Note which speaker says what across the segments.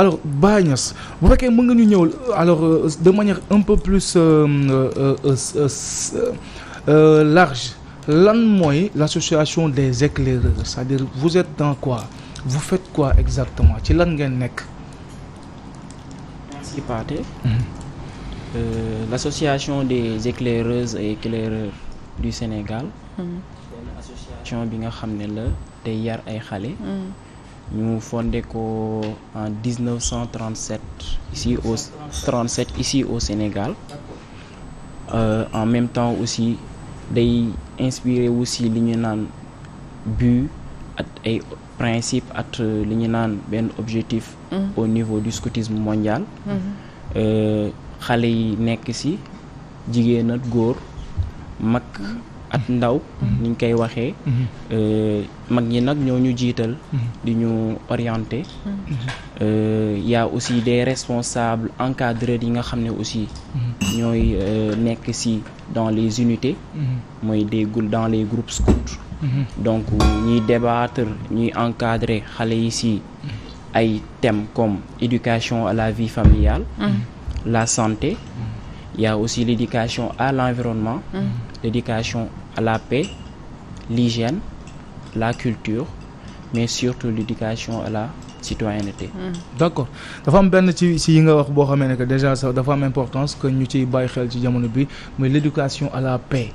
Speaker 1: alors Baye Niass bu fekkee mën nga ñu ñëw alors euh, de manière un peu plus euh, euh, large lan mooy l'association des éclaireurs c'est-à-dire vous êtes dans quoi vous faites quoi exactement ci lan ngeen nekk.
Speaker 2: merci Pathé. Mhm. l'association des éclaireuses et éclaireurs du Sénégal. benn mhm. association bi nga xam ne la day yar ay xale. Mhm. ñu fondé ko en 1937 ici au 37 ici au Sénégal euh, en même temps aussi day inspiré aussi li ñu naan but ak ay principe ak li ñu naan benn objectif mmh. au niveau du scoutisme mondial mhm. euh, xale yi nekk ci jigéen ak góor mag mhm. at ndaw mhm. ni ñu koy waxee mhm. euh, mag ñi nag ñoo ñu jiital mhm. di ñu orienté euh, y aussi des responsable encadreurs yi nga xam ne aussi ñooy euh, nekk ci dans les unités mooy des dans les groupes scouts donc ñuy débattre ñuy encadrer xale yi ci ay thèmes comme éducation à la vie familiale la santé y aussi l'éducation à l'environnement l'éducation à la paix, l'hygiène,
Speaker 1: la culture, mais surtout l'éducation à la citoyenneté. Hmm. d'accord dafa am benn ci yi nga wax boo xamee ne que déjà sax dafa am importance que ñu ciy bàyyi xel ci jamono bi muy l'éducation à la paix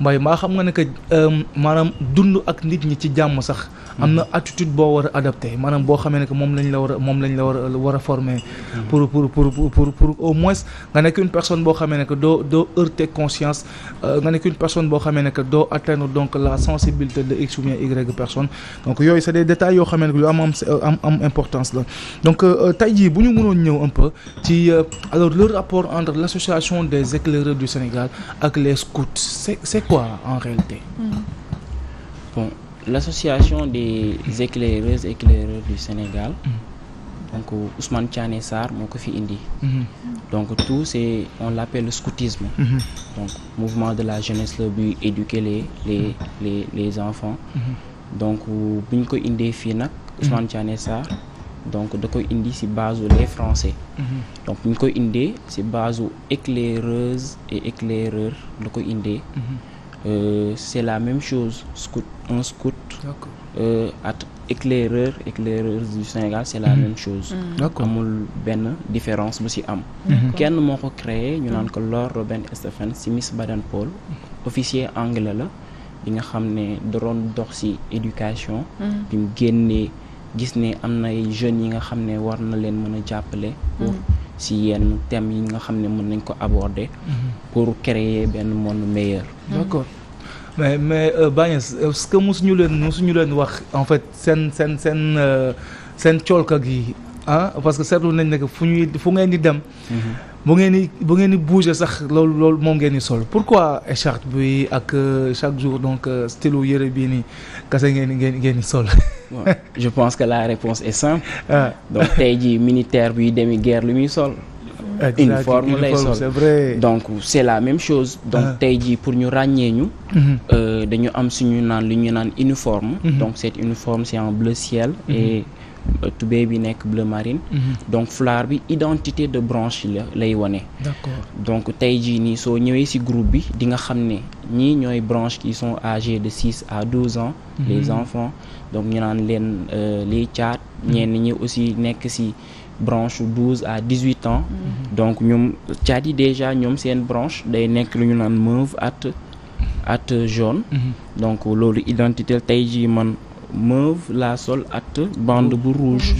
Speaker 1: mbay maa xam nga ne euh, maanaam dund ak nit ñi ci jàmm sax. am na attitude boo war a adapté maanaam boo xamee ne que moom lañ la war a moom lañ la war a war a former mm. pour pour pour pour pour au moins nga nekk une personne boo xamee ne que doo doo heurter conscience euh, nga nekk une personne boo xamee ne que doo atteindre donc la sensibilité de x ou bien y personne donc yooyu c'est des détails yoo xamee ne que lu am am am importance la donc euh, euh, tey jii bu ñu mënoon ñëw un peu ci alors le rapport entre l'association des éclaireurs du Sénégal ak les scouts c'est c'est en réalité mm.
Speaker 2: l'association des éclaireuses éclaireurs du Sénégal mm. donc Ousmane Thiané Sarr moo ko fi indi mm-hmm. donc tout c'est on l'appelle le mm-hmm. donc mouvement de la jeunesse la buy éduquer les les les les enfants mm-hmm. donc bu ñu ko indee fii nag Ousmane Thiané donc da koy indi ci base les français donc bu ñu koy indee ci base éclaireuse et éclaireur da koy indee euh, c'est la même chose scout un scout euh, at éclaireur éclaireur du Sénégal c'est la mm-hmm. même chose mm-hmm. amul benn différence bu ci am mm-hmm. kenn moo ko créé ñu naan ko Lord Robert Stephen ci Miss baden officier anglais la bi nga xam ne doon dox ci éducation bi mu génnee gis ne am na ay jeunes yi nga xam ne war na leen mën a jàppale si yenn thèmes yi nga xam ne mën nañ ko aborder. Mhm. pour créer benn monde meilleur. d'accord
Speaker 1: mais mais euh, Bagnès est-ce que mosuñu leen mosuñu leen wax en fait seen seen seen euh, seen coolka gi ah parce que seetlu nañ ne fu ñuy fu ngeen di dem. Mhm. bu ngeen ni bu ngeen di bouger sax loolu loolu moom ngeen ni sol pourquoi écharpe bi ak euh, chaque jour donc euh, stylo yëre bii nii kese ngeen ngeen ngeen di sol.
Speaker 2: je pense que la réponse est simple. Ah. donc tey jii minitaire buy demi guerre lu muy sol. uniforme lay sol c'est donc c'est la même chose. donc ah. tey jii pour ñu ràññee ñu. Mhm. Euh, dañu am suñu naan li ñu naan uniforme. Mhm. donc cette uniforme c'est en bleu ciel. Euh, tubéy bi nekk bleu marine. Mhm. donc foulard bi identité de branche la lay wone. d'accord donc tey jii nii soo ñëwee ci groupe bi di nga xam ne ñi ñooy branche qui sont âgés de six à douze ans. Mhm. les enfants donc ñu naan leen euh, les caat. Mhm. ñenn ñi aussi nekk ci branche douze à dix huit ans. donc ñoom caat yi déjà ñoom seen branche day nekk lu ñu naan mauve at at jaune. donc loolu identité tey jii man. mauve la sol at bande bu rouge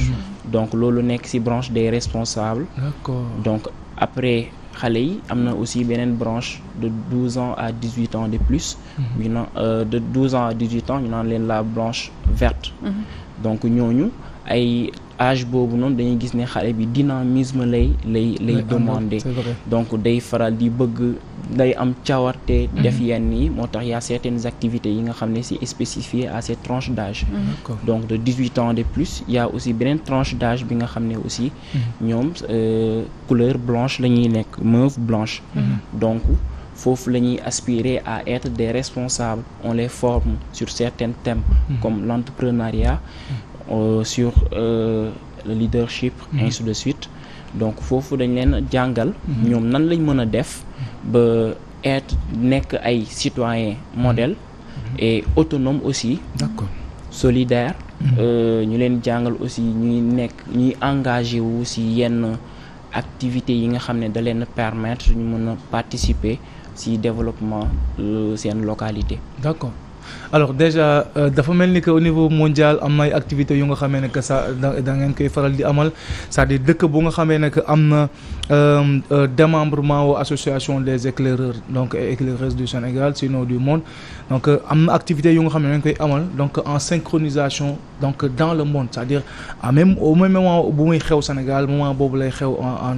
Speaker 2: donc loolu nekk ci branche des responsables donc après xale yi am na aussi beneen branche de douze ans à dix huit ans de plus mhm. ñu euh, de douze ans à dix huit ans ñu naan leen la branche verte mhm. donc ñooñu ay age boobu noonu dañuy gis ne xale bi dynamisme lay lay lay donc day faral di bëgg day am cawarte def mhm. yenn yi moo tax y a certaines activités yi nga xam ne c'est espécifier à cette tranche d'âge mhm. donc de dix-huit ans de plus y a aussi beneen tranche d'âge bi nga xam ne aussi mhm. ñoom euh, couleur blanche la ñuy nekk mauve blanche donc foofu la ñuy aspirer à être des responsables on les forme sur certains thèmes comme l'entrepreneuriat euh, sur euh, le leadership ainsi de suite donc foofu dañ leen jàngal ñoom nan lañ mën a def ba être nekk ay citoyen modèle mhm. et autonome aussi d'accord solidaire mhm. euh, ñu leen jàngal aussi ñuy nekk ñuy engagé wu si yenn activité yi nga xam ne da leen permettre ñu mën a participer si développement euh, seen localité
Speaker 1: d'accord alors déjà euh, dafa mel ni que au niveau mondial am na ay activités yu nga xamee ne que ça da ngeen koy faral di amal cest à dëkk bu nga xamee ne am na euh, euh, démembrement wu association des éclaireurs donc éclaireuses du Sénégal sinon du monde donc am na activité yu nga xam ne dañ koy amal donc en synchronisation donc dans le monde cest à même au même bu muy xew Sénégal moment lay xew en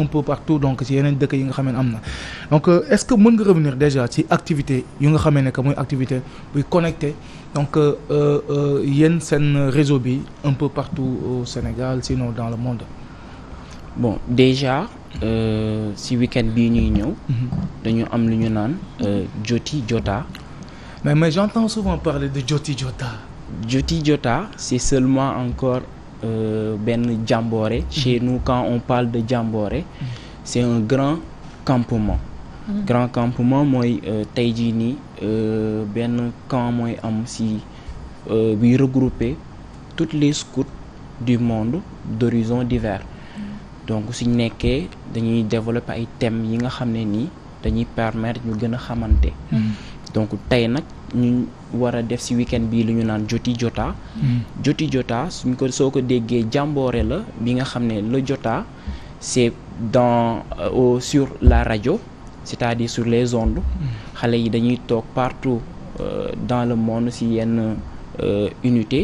Speaker 1: un peu partout donc ci yeneen dëkk yi nga xam ne am na donc est-ce que mën nga revenir déjà ci activité yu nga xamee ne que mooy activité buy connecté donc euh, euh, euh, yéen seen réseau bi un peu partout au Sénégal sinon dans le monde.
Speaker 2: bon déjà euh, si week bii ñuy ñëw. Mhm. dañu am lu ñu naan Joti Jota.
Speaker 1: mais mais j'entends souvent parler de Joti Jota.
Speaker 2: Joti Jota c'est seulement encore euh, benn jàmboore. Mhm. chez nous quand on parle de jàmboore. Mhm. c'est un grand campement. grand campement mooy euh, tey jii nii euh, benn camp mooy am si euh, buy regrouper toutes les scouts du monde d'horizons divers donc suñ nekkee dañuy développer ay thèmes yi nga xam ne nii dañuy permettre ñu gën a xamante donc tey nag ñu war a def ci weekend bii lu ñu naan joti jota joti jota suñ ko soo ko déggee jàmboore la bi nga xam ne la jota c'est dans euh, sur la radio c'est-à-dire sur les ondes xale yi dañuy toog partout euh, dans le monde si yenn euh, unité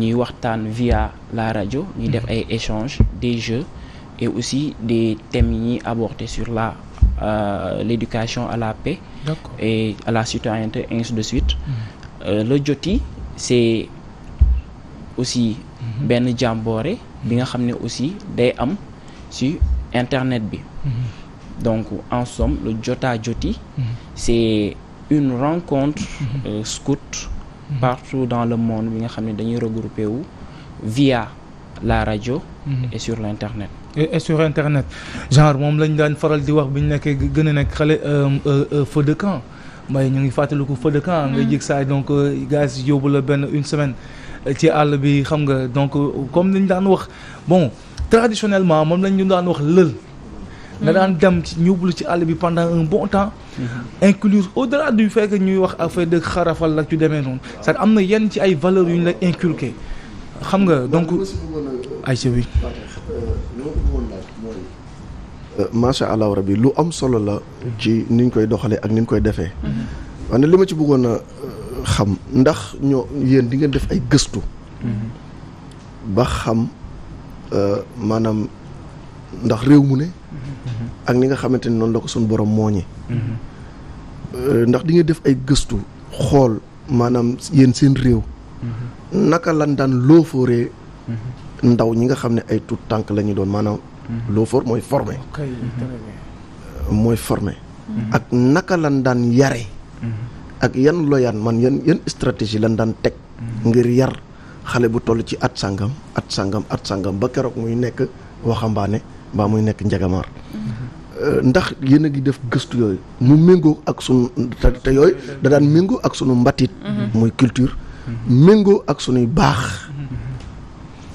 Speaker 2: ñuy waxtaan via la radio ñuy def ay échanges des jeux aussi des thèmes yi ñuy sur la euh, l'éducation à la paix D'accord. et à la citoyenneté ainsi de suite mm le Joti c'est aussi mm-hmm. benn jàmboore bi nga xam ne aussi day am ci internet bi mm-hmm. donc en somme le jotaa Joti mhm. c'est une rencontre mhm. euh, scout mhm. partout dans le monde bi nga xam ne dañuy regrouper wu via la radio et sur
Speaker 1: l'internet et sur internet genre moom lañ daan faral di wax bi ñu nekkee gën a nekk xale euh, euh, euh, feu de camp mbay ñu ngi fàttaliku feu de camp nga jig saay donc gars yi yóbbu la benn une semaine ci àll bi xam nga donc comme lañ daan wax bon traditionnellement moom lañ ñu daan wax lël na daan dem ci ñublu ci àll bi pendant un bon temps inclure au delà du fait ñuy wax affaire de xarafal la ci demee noonu c'est am na yenn ci ay valeur yu ñu la inculqué xam nga donc
Speaker 3: ay si bi lu am solo la ci niñ koy doxalee ak niñ koy defee mhm. wante li ma ci bëggoon a euh, xam ndax ñoo yéen di ngeen def ay gëstu mhm. ba xam euh, maanaam ndax réew mu ne ak ni nga xamante ni noonu la ko suñu borom mooñee euh, ndax di nga def ay gëstu xool maanaam yéen seen réew naka lan daan loofooree ndaw ñi nga xam ne ay tuut tànk la doon maanaam loofoor mooy forme euh, mooy formé ak naka lan daan yare ak yan loyaan man yan yan stratégie lan daan teg ngir yar xale bu toll ci at sàngam at sàngam at sàngam ba keroog muy nekk waxambaane mbaa muy nekk njagamaar euh, ndax yéen a ngi def gëstu yooyu mu méngoo ak sunu te yooyu da daan méngoo ak sunu mbatit muy culture méngoo ak sunuy baax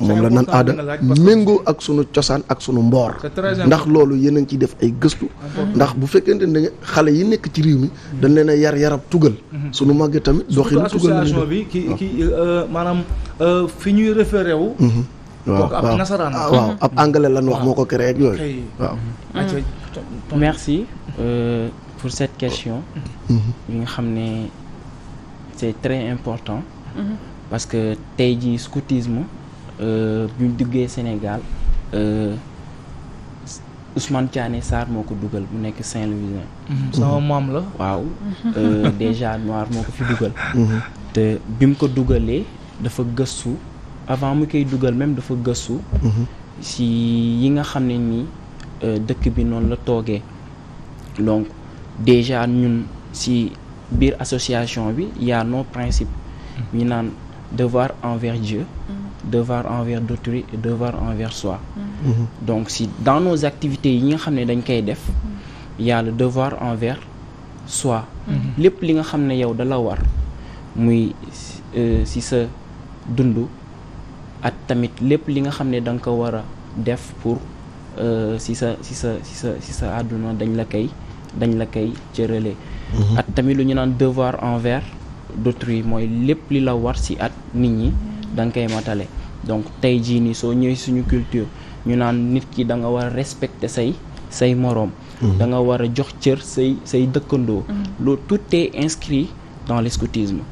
Speaker 3: moom la naan aada méngoo ak sunu cosaan ak sunu mboor ndax loolu yéen a ngi ciy def ay gëstu ndax bu fekkente ne xale yi nekk ci réew mi dañ leen yar yarab tugal mm-hmm. sunu màggee tamit doxinu tugal bi
Speaker 1: ki euh, maanaam euh, fi ñuy référé wu mm-hmm. Ah, waaw ab
Speaker 3: anglais lan wax moo ko créé ak yooyu waaw ah,
Speaker 1: ah. merci
Speaker 2: euh, pour cette question mm-hmm. yi nga xam ne c'est très important mm-hmm. parce que tey jii scoutisme euh, bi mu duggee Sénégal euh, Ousmane Thiané Sarr moo ko dugal mu nekk Saint-Louisien mm-hmm. sama maam la waaw déjà noir moo ko fi dugal te bi mu ko dugalee dafa gëstu avant mu koy dugal même dafa gëstu. si mhm. yi nga xam ne nii euh, dëkk bi noonu la toogee donc déjà ñun si biir association bi yaa a principe principes mhm. ñu naan devoir envers Dieu mhm. devoir envers d'autrui et devoir envers soi donc si dans nos activité yi nga xam ne dañ koy def yàlla a le devoir envers soi lépp li nga xam ne yow da war muy euh, si sa dund ak tamit lépp li nga xam ne danga nga ko war a def pour euh, si sa si sa si sa sa àdduna dañ la kay dañ la kay cërale mhm. ak tamit lu ñu naan devoir envers d'autrui mooy lépp li la war si at nit ñi da nga koy matale donc tey jii nii soo ñëwee suñu culture ñu naan nit ki da nga war a respecter say say moroom mhm. da nga war a jox cër say say dëkkandoo mhm. loolu tout est inscrit dans l'escoutisme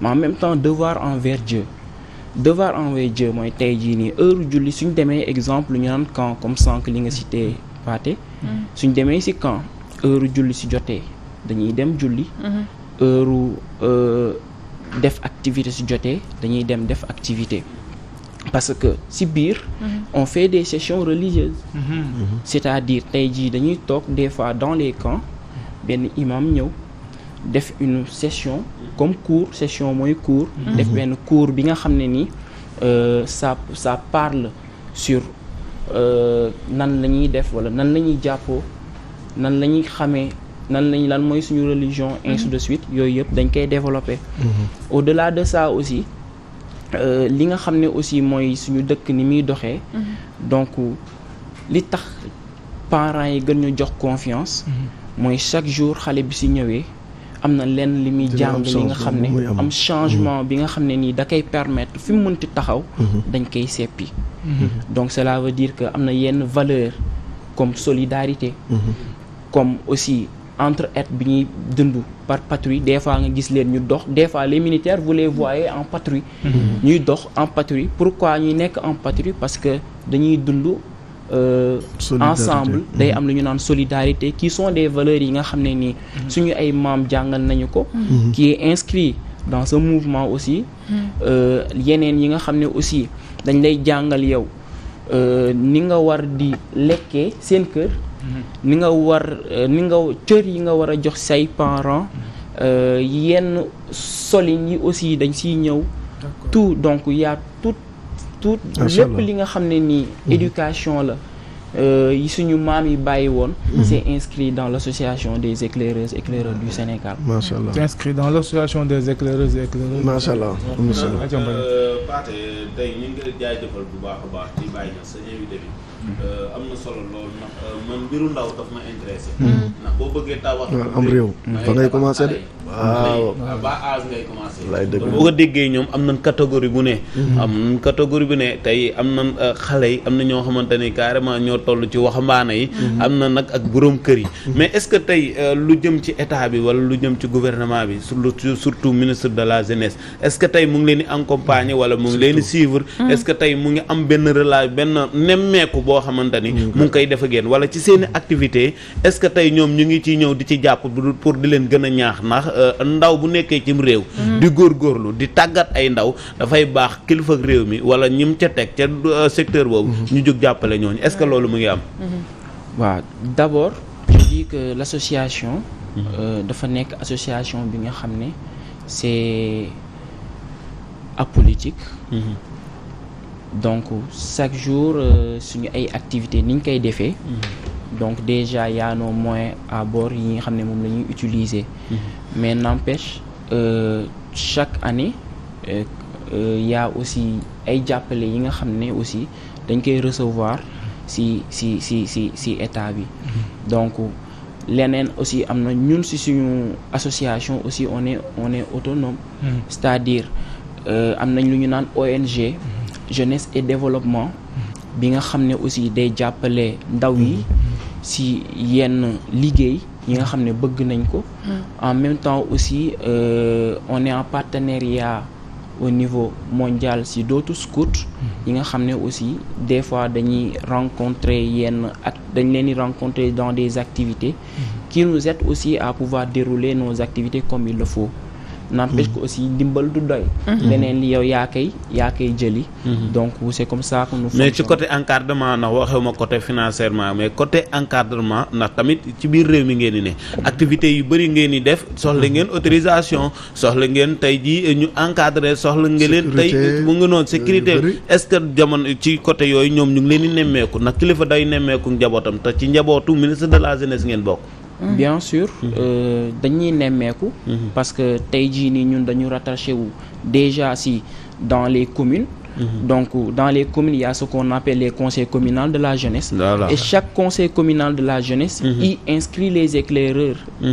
Speaker 2: mais en même temps devoir envers Dieu devoir envoyer Dieu mooy tey jii nii heure julli suñ demee exemple ñu naan camp comme sànq li nga te paate mm-hmm. suñ demee si camp heure julli si jotee dañuy dem julli mm-hmm. heure euh, def activité si jotee dañuy dem def activité parce que si biir mm-hmm. on fait des sessions religieuses c'est-à-dire tey jii dañuy toog des fois dans les camps benn imam ñëw def une session comme cours session mooy cours def benn cours bi nga xam ne nii sa euh, ça parle sur euh, nan la ñuy def wala nan la ñuy jàppoo nan la ñuy xamee nan lañ lan mooy suñu religion mhm. ainsi de suite yooyu yëpp dañ koy développer mhm. au delà de ça aussi euh, li nga xam ne aussi mooy suñu dëkk ni muy doxee mhm. donc li tax parents yi gën ñu jox confiance mooy chaque jour xale bi si ñëwee am na lenn li muy jàng li nga xam ne am changement mm-hmm. bi nga xam ne nii da koy permettre fi mu mënti taxaw mm-hmm. dañ koy seppi mm-hmm. donc cela veut dire que am na yenn valeur comme solidarité comme aussi entre être bi ñuy dund par patrouille des fois nga gis leen ñu dox des fois les militaires vous les voyez en patrouille ñuy dox en patrouille pourquoi ñuy nekk en patrouille parce que dañuy dund Euh, ensemble mm-hmm. day am lu ñu naan solidarité kii sont des valeurs yi nga xam ne nii mm-hmm. suñu ay maam jàngal nañu ko mm-hmm. qui est inscrit dans ce mouvement aussi euh, yeneen yi nga xam ne aussi dañ lay jàngal yow euh, ni nga war di lekkee seen kër ni nga war ni nga cër yi nga war a jox say parents yenn solin yi aussi dañ siy ñëw tout donc y tout surtout lépp li nga xam ne nii mhm. éducation la euh, yi suñu maam yi bàyyi woon mhm. c'est inscrit dans l'association des éclaireuses
Speaker 1: éclaireurs du Sénégal macha allah c'est inscrit dans des éclaireuses éclaireurs allah
Speaker 4: euh, Pathé tey ñu ngi bu baax a baax Euh, am na solo loolu ndax euh, man mbiru ndaw daf hmm. boo bëggee tabax. réew fa ngay commencé de. waaw ba boo ko déggee ñoom am na catégorie bu ne. Hmm. am nañ catégorie bu ne tey am na euh, xale yi am na ñoo xamante ni carrément ñoo toll ci waxambaane yi. Hmm. am na nag ak borom kër yi. mais est-ce que tey lu jëm ci état bi wala lu jëm ci gouvernement bi surtout ministre de la jeunesse est-ce que tey mu ngi leen di accompagner wala mu ngi leen di suivre. est tey mu ngi am benn relation benn nemmeeku boo xamante ni mm-hmm. mu ngi koy def ak yéen ci seen activité est tey ñoom ñu ngi ciy ñëw di ci jàpp pour di leen gën a ñaax ndax euh, ndaw bu nekkee cim réew mm-hmm. di góorgóorlu di tàggat ay ndaw dafay baax kilifa réew mi wala ñim ca teg ca euh, secteur boobu mm-hmm. ñu jóg jàppale ñooñu est-ce que loolu mu ngi am waaw
Speaker 2: d'abord je dis que l'association euh, dafa nekk association bi nga xam ne c'est apolitique donc chaque jour euh, suñu ay activités ni ñu koy defee. Mhm. donc déjà y a nos moyens à bord yi nga xam ne moom la ñuy utiliser. Mhm. mais n'empêche euh, chaque année euh, euh, aussi ay jàppale yi nga xam ne aussi dañ koy recevoir si si si si si état bi. Mhm. donc leneen aussi am na ñun si suñu association aussi on est on est autonome. c'est-à-dire euh, am nañ lu ñu naan ONG. jeunesse et développement bi nga xam ne aussi day jàppale ndaw yi si yenn liggéey yi nga xam ne bëgg nañ ko mm. en même temps aussi euh, on est en partenariat au niveau mondial si dootu scouts yi nga xam ne aussi des fois dañuy rencontrer yenn ak dañ leen di rencontrer dans des activités mm. qui nous aident aussi à pouvoir dérouler nos activités comme il le faut n'empêche hmm. que aussi dimbal du doy hmm. leneen yow yaa koy yaa koy jëli hmm. donc c'est comme ça que nous mais ci
Speaker 4: côté encadrement ndax waxewuma côté financièrement mais côté encadrement ndax tamit ci biir réew mi ngeen di ne activités yu bëri ngeen di def soxla ngeen autorisation soxla ngeen tey jii ñu encadrer soxla ngeen leen tey mu ngi noonu sécurité est-ce que jamono ci côté yooyu ñoom ñu ngi leen di nemmeeku ndax kilifa day nemmeeku njabootam te ci njabootu ministre de la jeunesse ngeen bokk
Speaker 2: Mm-hmm. bien sûr mm-hmm. euh, dañuy nemmeeku mm-hmm. parce que tey jii nii ñun dañu rattaché wu déjà si dans les communes Donc dans les communes il y a ce qu'on appelle les conseils communaux de la jeunesse voilà. et chaque conseil communal de la jeunesse mmh. y inscrit les éclaireurs mmh.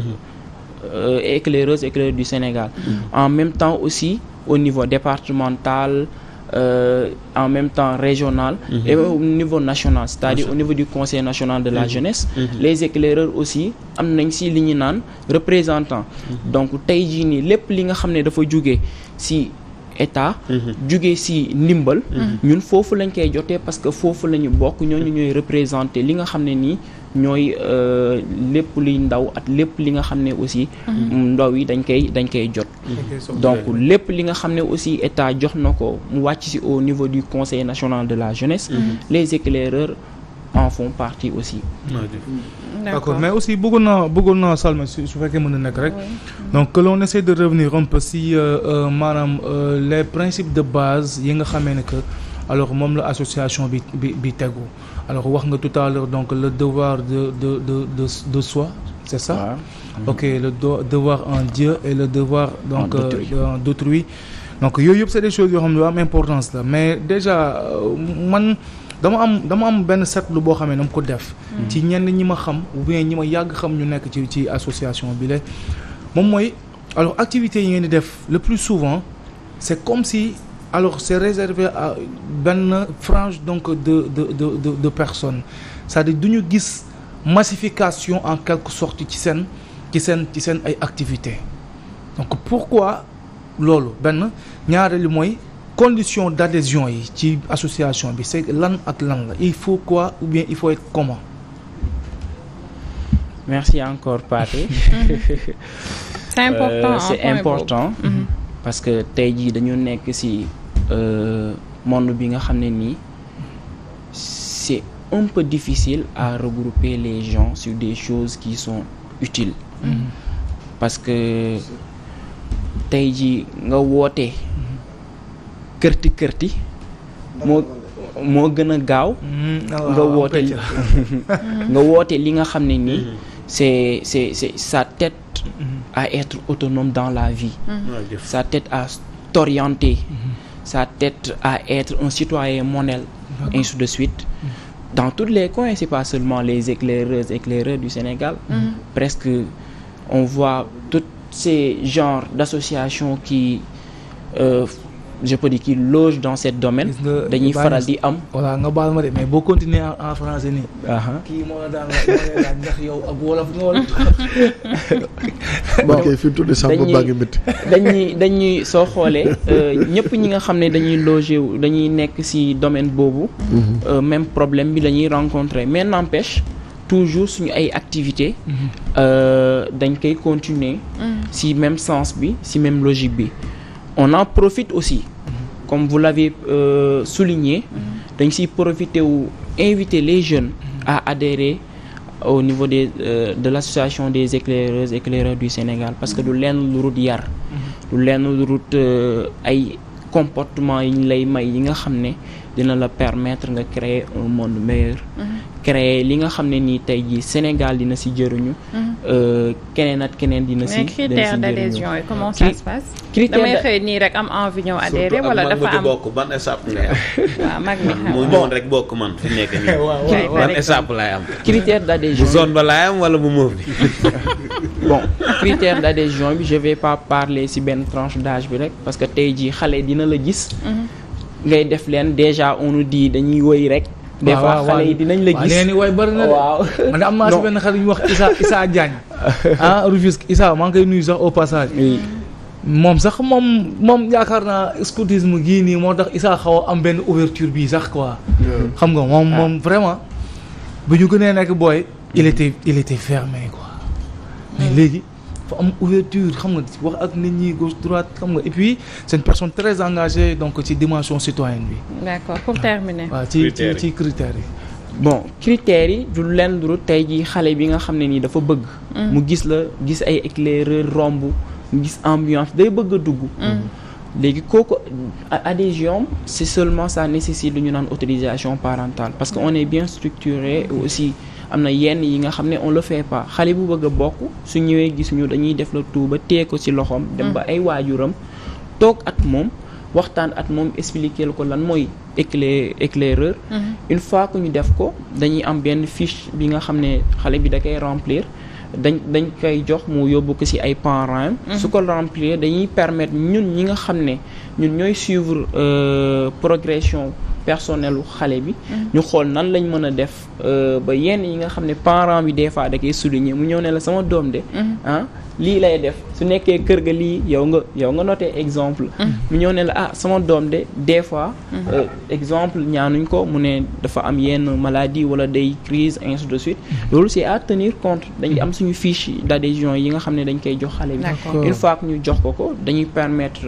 Speaker 2: euh, du Sénégal en même temps aussi au niveau départemental euh, en même temps régional mm et au niveau national cest à au niveau du conseil national de la mhm. jeunesse mhm. les éclaireurs aussi am nañ si li ñu naan représentant mhm. donc tey jii nii lépp li nga xam ne dafa jóge si état jugee ci ndimbal ñun foofu lañ koy jotee parce que foofu la ñu bokk ñooñu ñooy représenté li nga xam ne nii ñooy euh, lépp luy ndaw ak lépp li nga xam ne aussi mhm. ndaw yi dañ koy dañ koy jot donc lépp li nga xam ne aussi état jox na ko mu wàcc si au niveau du conseil national de la jeunesse mhm. les éclaireurs en font partie aussi
Speaker 1: d'accord mais aussi bëggoon naa bëggoon naa Salma su fekkee mën na nekk rek donc que l'on essaie de revenir un peu si euh, euh, maanaam les principes de base yi nga xamee ne que alors moom la association bi bi bi tegu alors wax nga tout à l'heure donc le devoir de de de de de soi c'est ça ouais. ok le devoir en Dieu et le devoir donc euh, d'autrui donc yooyu yëpp c'est des choses yoo xam ne lu am importance la mais déjà euh, man dama am dama am benn seetlu boo xamee na mu ko def hmm. ci ñenn ñi ma xam ou bien ñi ma yàgg xam ñu nekk ci ci association bi la moom mooy alors activités yi ngeen di def le plus souvent c'est comme si alors c'est réservé à benn frange donc de de de de, de personnes c'est-à-dire du ñu gis massification en quelque sorti ci seen ci seen ci seen ay activités donc pour pourquoi loolu benn ñaareelu mooy condition d'adhésion yi ci association bi c'est lan ak lan la il faut quoi ou bien il faut être comment.
Speaker 2: encore Pathé. Euh, c'est important important. Mm -hmm. parce que tey jii dañu nekk si Euh, monde bi nga xam ne nii c'est un peu difficile à regrouper les gens sur des choses qui sont utiles mm-hmm. parce que tey ji nga woote kërti kërti moo gën a gaaw mm-hmm. ah, nga woote li nga xam ne nii mm-hmm. c'est c'est c'est sa tête à être autonome dans la vie sa tête à t'orienter ça tête à être un citoyen modèle ainsi de suite dans tous les coins c'est pas seulement les éclaireuses éclaireurs du Sénégal mm-hmm. presque on voit tous ces genres d'associations qui euh, je peux dire qui loge dans ce domaine. dañuy faral di am.
Speaker 1: voilà nga baal ma de mais boo continuer en français nii. Ah ah. kii moo la yow ak wolof nga wala.
Speaker 3: bon ok fi mu tudd
Speaker 2: dañuy soo xoolee euh, ñëpp ñi nga xam ne dañuy loger wu dañuy nekk ci domaine boobu. Mhm. Euh, même problème bi dañuy ñuy rencontrer mais n'empêche. toujours suñu ay activité mhm. euh, dañ koy continuer mhm. ci même sens bi ci même logique bi on en profite aussi mhm. comme vous l'avez euh, souligné mhm. dañ siy profiter wu inviter les jeunes mhm. à adhérer au niveau des euh, de l'association des éclaireuses éclaireurs du Sénégal parce que du lenn lu rut yar du lenn lu euh, ay comportement yi ñu lay may yi nga xam ne dina la permettre nga créer un monde meilleur mhm. créer li nga xam ne nii tey jii Sénégal dina si jëriñu mhm. euh, keneen ak keneen dina si critère d'adhésion yi se passe nii rek am envie ñëw adhérer wala rek bokk
Speaker 4: man fi
Speaker 2: am critère d'adhésion bu
Speaker 4: zone ba laay am wala bu moof bi
Speaker 2: bon critère d'adhésion bi je vais pas parler si benn tranche d'âge bi rek parce que tey jii xale dina la gis mhm. ngay def leen déjà on nous dañuy woy rek. des fois xale yi dinañ la gis waaw
Speaker 1: waaw bëri na de. waaw am naa si benn xarit ñu wax Issa Issa Diagne. ah Rufisque Issa maa ngi koy nuyu sax au passage. moom sax moom moom yaakaar naa scoutisme gii nii moo tax Issa xaw am benn ouverture bii sax quoi. xam nga moom ah. moom vraiment. bu ñu gënee nekk booy. il était il était fermé quoi. mais hmm. léegi. fa am ouverture xam nga wax ak nit ñi gauche droite xam nga et puis c'est personne très engagée donc ci dimension citoyenne bi.
Speaker 2: d'accord pour ah. terminer. waaw ci ci ci
Speaker 1: critères yi. bon
Speaker 2: critères yi du lenn du tey jii xale bi nga xam ne nii dafa bëgg. Mm. mu gis la gis ay éclaireur romb mu gis ambiance day bëgg a dugg. Mm. Mm. léegi kooku adhésion c'est seulement ça nécessite lu ñu naan autorisation parentale parce que on est bien structuré aussi. am na yenn yi nga xam ne on le fait pas xale bu bëgg bokk su ñëwee gisuñu dañuy def la tout ba téye ko ci loxoom. dem ba mm. ay waajuram toog at moom waxtaan at moom expliquer la ko lan mooy éclair éclaireur. Mm-hmm. une fois que ñu def ko dañuy am benn fiche bi nga xam ne xale bi da koy remplir. dañ dañ koy jox mu yóbbu ko ci ay parents mm-hmm. su ko remplir dañuy permettre ñun ñi nga xam ne ñun ñooy suivre euh, progression. personnelu xale bi mm-hmm. ñu xool nan lañ mën a def euh, ba yenn yi nga xam ne parent bi des fois da koy souligner mu ñëw ne la sama doom de mm-hmm. ah lii lay def su nekkee kër ga lii yow nga yow nga noté exemple mm-hmm. mu ñëw ne la ah sama doom de des fois euh, exemple ñaanuñ ko mu ne dafa am yenn maladie wala day crise ainsi de suite loolu c'est à tenir compte dañ am suñu fiche d'adhésion yi nga xam ne dañ koy jox xale bi une fois que ñu jox ko ko dañuy permettre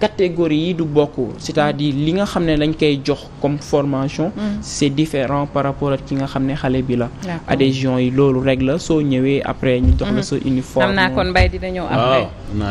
Speaker 2: catégorie yi du bokk c'est-à-dire li nga xam ne lañ koy jox comme formation mm. c'est différent par rapport ak ki nga xam ne xale bi la adhésion yi loolu rek la soo ñëwee après ñu jox la mm. sa uniforme xam naa kon mbay dina ñëw après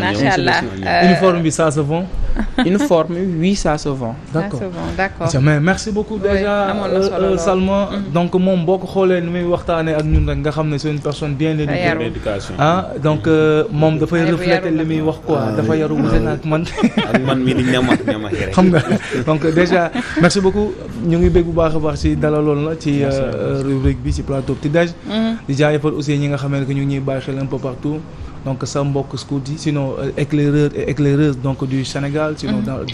Speaker 2: macha allah euh, uniforme bi ça se vend une forme
Speaker 1: oui ça se vend. d'accord
Speaker 2: d'accord mais
Speaker 1: merci beaucoup. déjà euh, euh, Salma mhm. donc moom boo ko xoolee ni muy waxtaanee ak ñun rek nga xam ne c'est une personne bien ah, éduquée. ah donc euh, moom dafay refléter li muy wax quoi ah, dafa yaru wute ah, na ak man. ak man mi di ñamax ñamax rek. xam nga donc déjà merci beaucoup ñu ngi bég bu baax a baax ci dalaloon la ci rubrique bi ci plateau Petit Déj. Mhm. di jaajëfal aussi ñi nga xam ne que ñu ngi ñuy bàyyi xel donc sa mbokk scout yi sinon euh, éclaireur donc du Sénégal sinon mhm.